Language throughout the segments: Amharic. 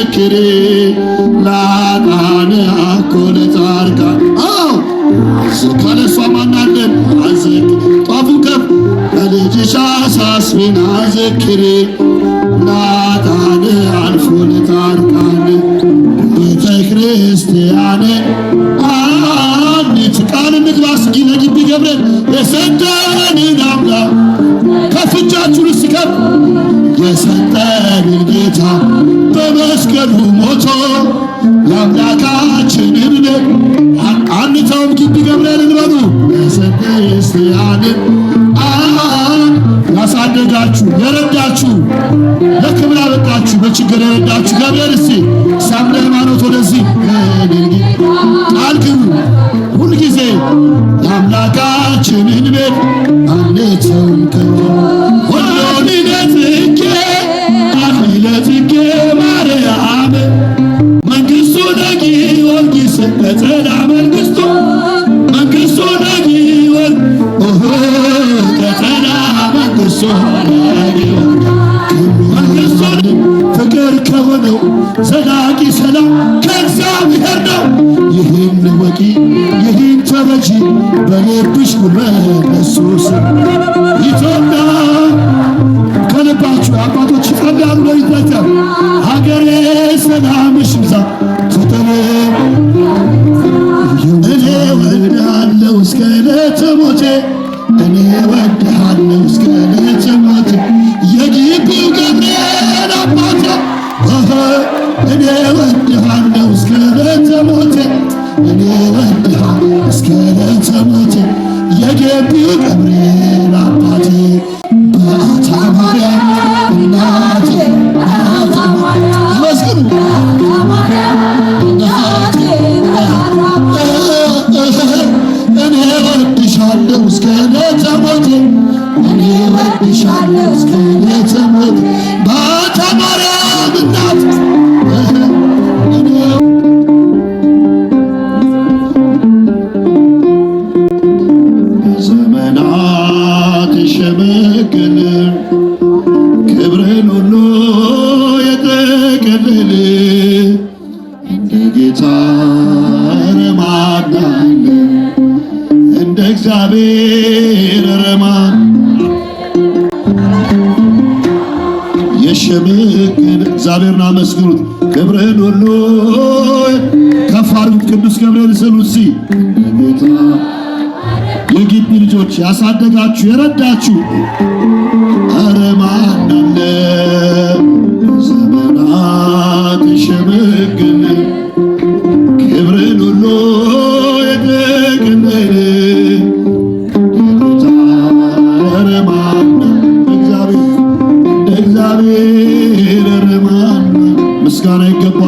መሰክሪ ላቃነ አኮ ለጻርካ አው ካለሷ ማናለን አዘክ ጧፉ ከፍ ለልጅሻ ሳስቢና ዘክሪ የአማኑኤል ጌታ በመስቀሉ ሞቶ የአምላካችንን ቤት አንተውም ግቢ ገብርኤልን በሉ ቤተክርስቲያንን ያሳደጋችሁ የረዳችሁ ለክብር አበቃችሁ በችግር የረዳችሁ ገብርኤል እስቲ ሳምለ ሃይማኖት ወደዚህ ቃል ሁልጊዜ የአምላካችንን ቤት አንተው ልጅ በሞርዱሽ ጉልበት ኢየሱስ ኢትዮጵያ ከልባችሁ አባቶች ይጸልያሉ። ለኢትዮጵያ ሀገሬ ሰላምሽ ይብዛ ትጥል እኔ ወድሃለሁ እስከ ዕለተ ሞቴ እኔ ወድሃለሁ እስከ ዕለተ ሞቴ የግቢው ገብርኤል አባቴ እኔ ወድሃለሁ እስከ ዕለተ ሞቴ እኔ እስከ ዕለተ ሞት የገቢ ቀብሬ አመስግኑት። ገብርኤል ወሎ ከፍ አድርጉት። ቅዱስ ገብርኤል ስሉሲ የግቢ ልጆች ያሳደጋችሁ የረዳችሁ Scott A. Goodbye.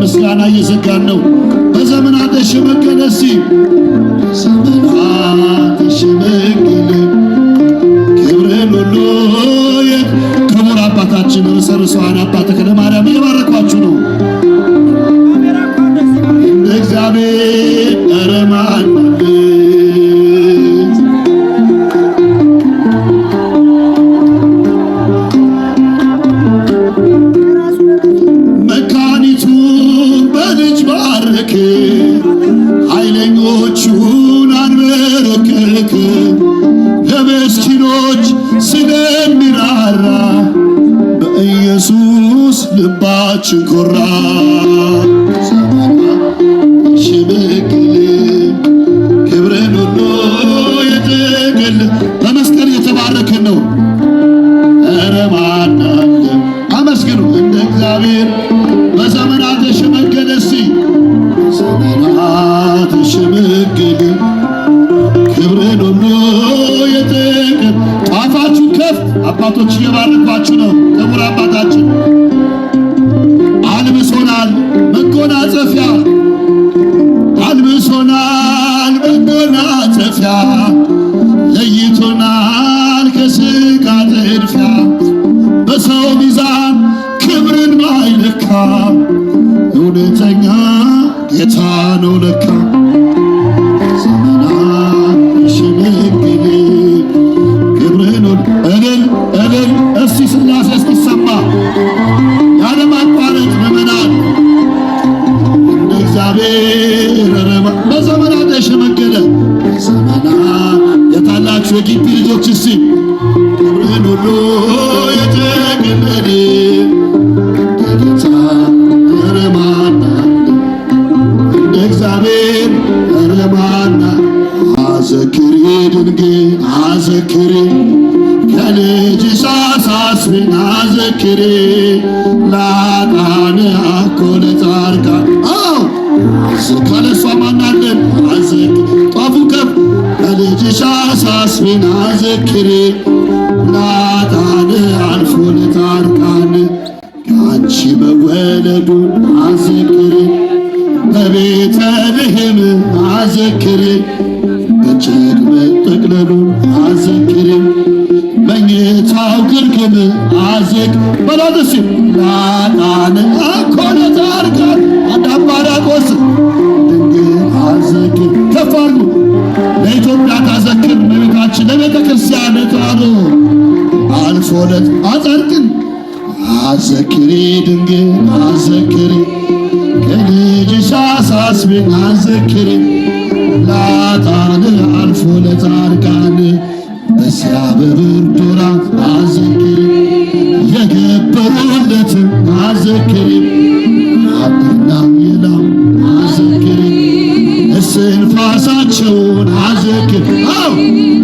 ምስጋና እየዘጋን ነው። በዘመን ተሸመገለ ሲ ዘመን ክብርን ሁሉ ክቡር አባታችን ርዕሰ ርዕሳን አባ ተክለ አንቺን መጠቅለሉ አዘክሪም መኝታው ግርግም አዘግ በላደሲ ላጣን አኮነት አርጋን አዳባራቆስ ድንግል አዘክር ተፋሉ ለኢትዮጵያ ታዘክር ለቤታችን ለቤተ ክርስቲያን ጣሉ አልፎለት አጸርቅን አዘክሪ ድንግ አዘክሪ ከልጅሽ አሳስቤን አዘክሪ ለኃጥአን አልፎ ለጻድቃን በዚያ በብርድ ወራት አዘክሪ የገበሩለት አዘክሪ አብና ሜላ አዘክሪ እስንፋሳቸውን አዘክሪ አው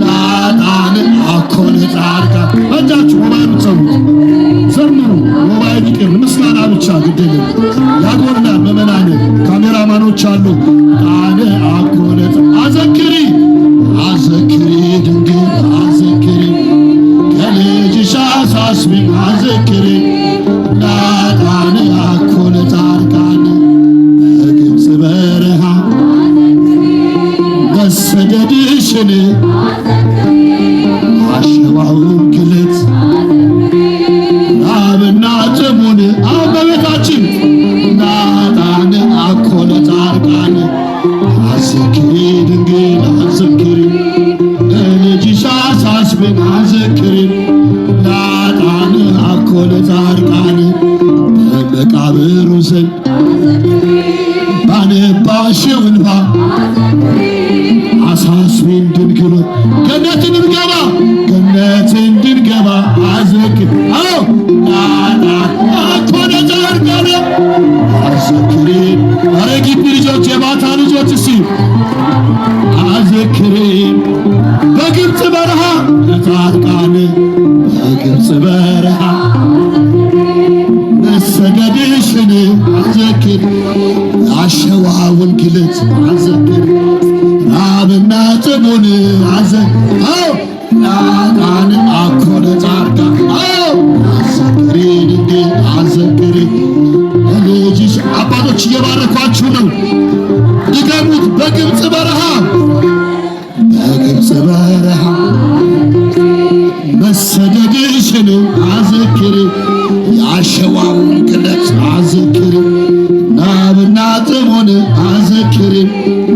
ለኃጥአን አኮ ለጻድቃን እጃችሁ ሞባይል ሰሙት ዘምሩ። ሞባይል ይቅር፣ ምስጋና ብቻ ግድል ያጎርናል። መመናነ ካሜራማኖች አሉ ጣነ አኮ አዘክሪ አዘክሪ ድንግል አዘክሪ ከልጅሽ አሳስቢን አዘክሪ thank you.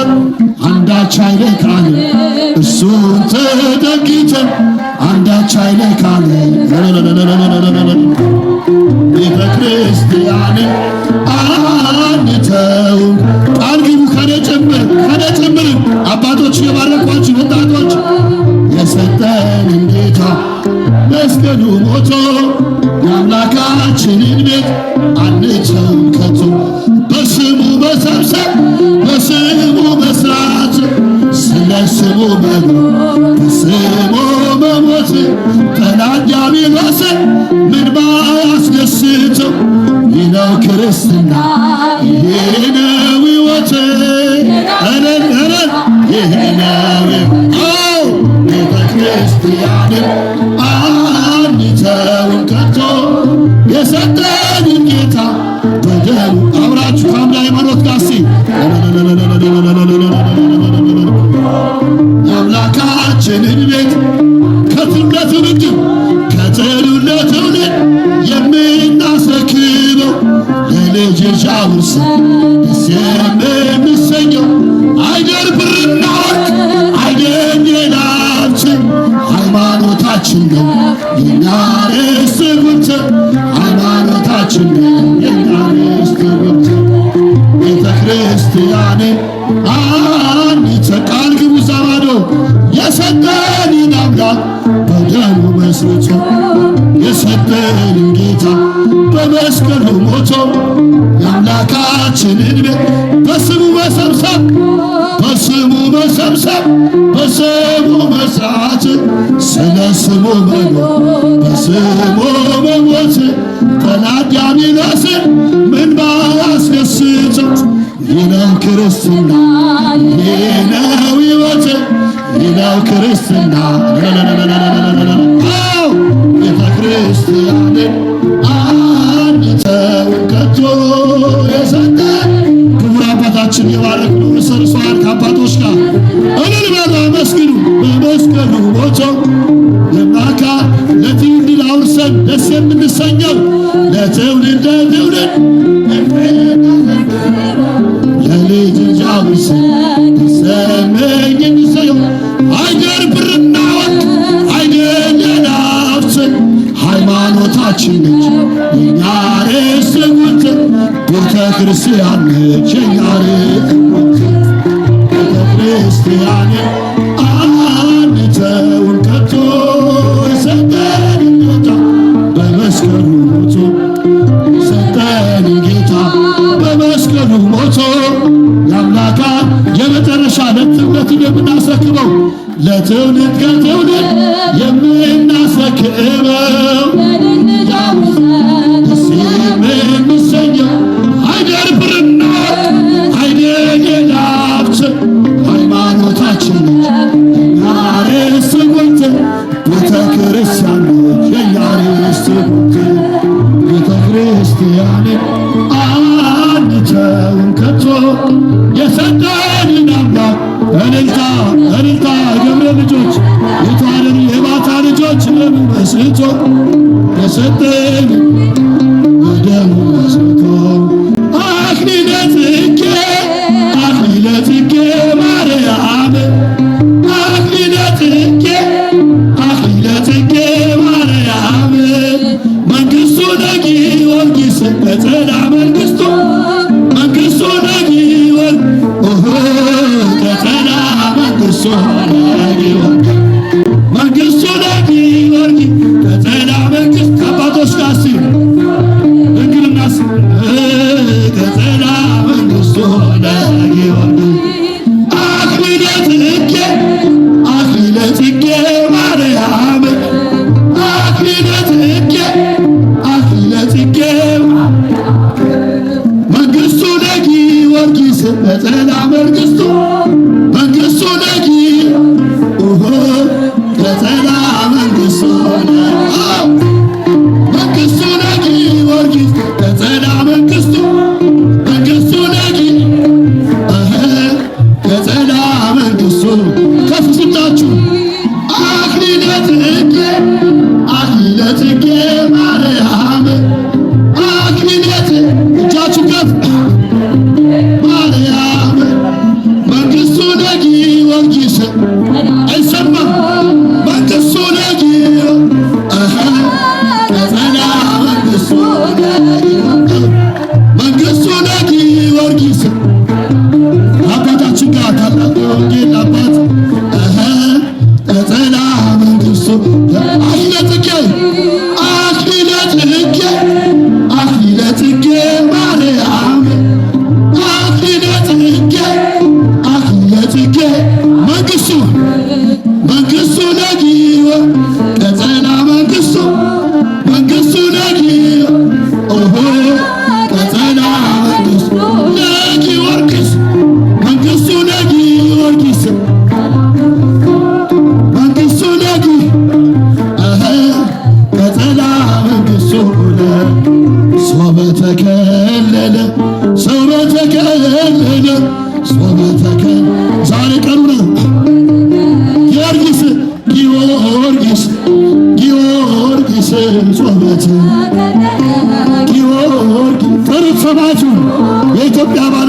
ተጠግተን አንዳች አይለካን እሱን ተጠግተን አንዳች አይለካን ቤተ ክርስቲያን አንተው ቃል ግቡ ከኔ ጭምር አባቶች የባረኳችሁ ወጣቶች የሰጠንን ጌታ መስገኑ ሞቶ የአምላካችንን ቤት አንተው ከቶ ተስሞ ተስሞ በሞት ጠላጃ ቢባሰ ምን ባያስደስተው ይነው ክርስትና ይነው ሕይወት ረረረ ይነው ቤተክርስቲያን ሀሳብ በስሙ መስራት ስለ ስሙ መኖር በስሙ መሞት ጠላት ዲያብሎስን ምን ባያስደስትም ይለው ክርስትና ይለው ሕይወት ይለው ክርስትና ቤተ ክርስቲያንን ከትውልድ ትውልድ ለልጅ ጃዊስ ሰመኝ ንሰዮ አይደር ብርና ወርቅ አይደለን ሃይማኖታችን ነች የኛ ርዕስ ወት ቤተ ክርስቲያን ነች የኛ ርዕስ ቤተ ክርስቲያን እውነትን የምናስረክበው ለትውልድ ከትውልድ የምናስረክበው ሰባቱን የኢትዮጵያ ባለ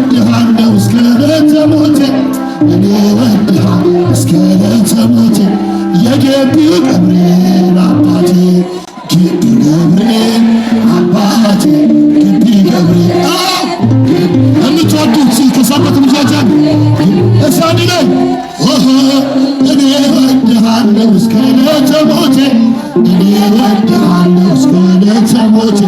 እወድሃለሁ እስከ ዕለተ ሞቴ እኔ እወድሃለሁ እስከ ዕለተ ሞቴ የግቢው ገብርኤል አባቴ ግቢ ገብርኤል አባቴ ግቢ ገብርኤል የምትወዱት ከሳበት ምጃጃን እሳኒ ላይ እኔ እወድሃለሁ እስከ ዕለተ ሞቴ እኔ እወድሃለሁ እስከ ዕለተ ሞቴ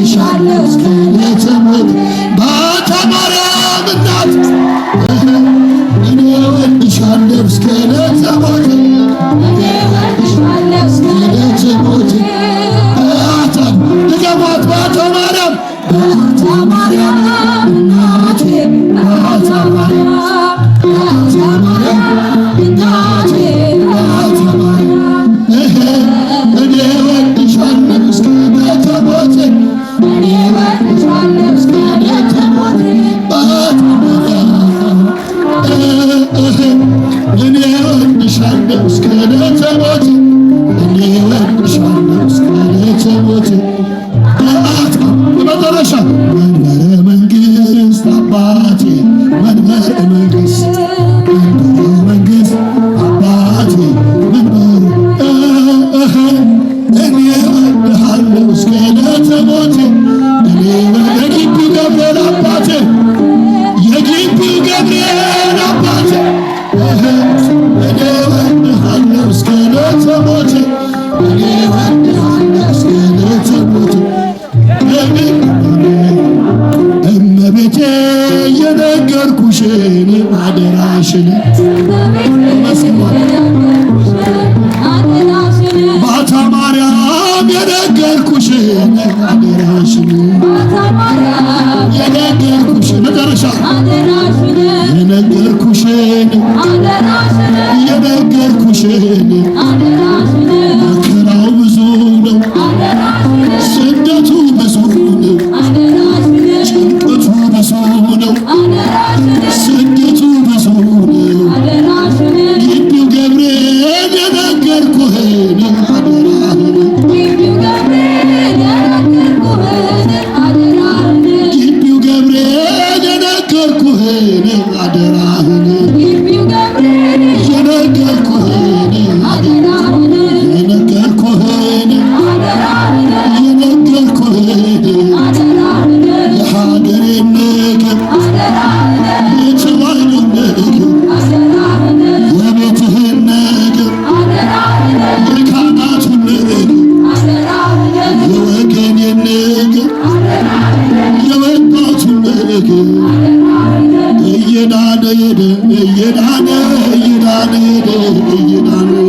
እሻለሁ እስከ Deus,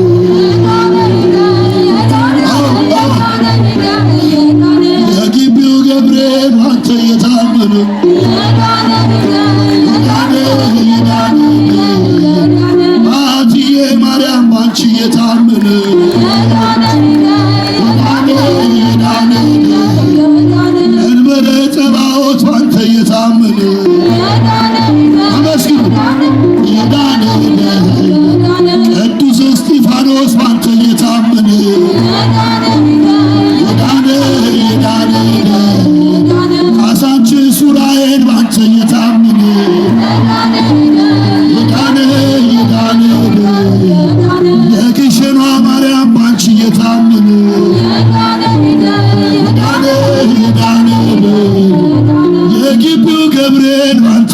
celebrate one